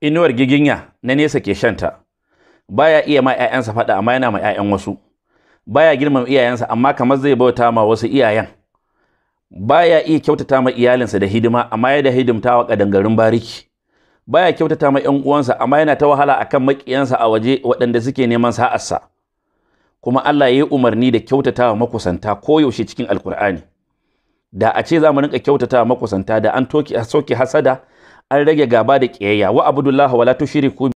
inuwar giginya na nesa ke shanta baya iya ma 'ya'yansa faɗa amma yana ma 'ya'yan wasu baya girmama iyayensa amma kamar zai bauta ma wasu iyayen baya iya kyautata ma iyalinsa da hidima amma yana da hidimta wa kadangarin bariki baya kyautata ma ƴan uwansa amma yana ta wahala akan maƙiyansa a waje waɗanda suke neman sa'arsa kuma Allah ya yi umarni da kyautata wa makusanta koyaushe cikin alkur'ani da a ce za mu rinka kyautata wa makusanta da an soke hasada an rage gaba da ƙiyayya wa abudullah wala tushriku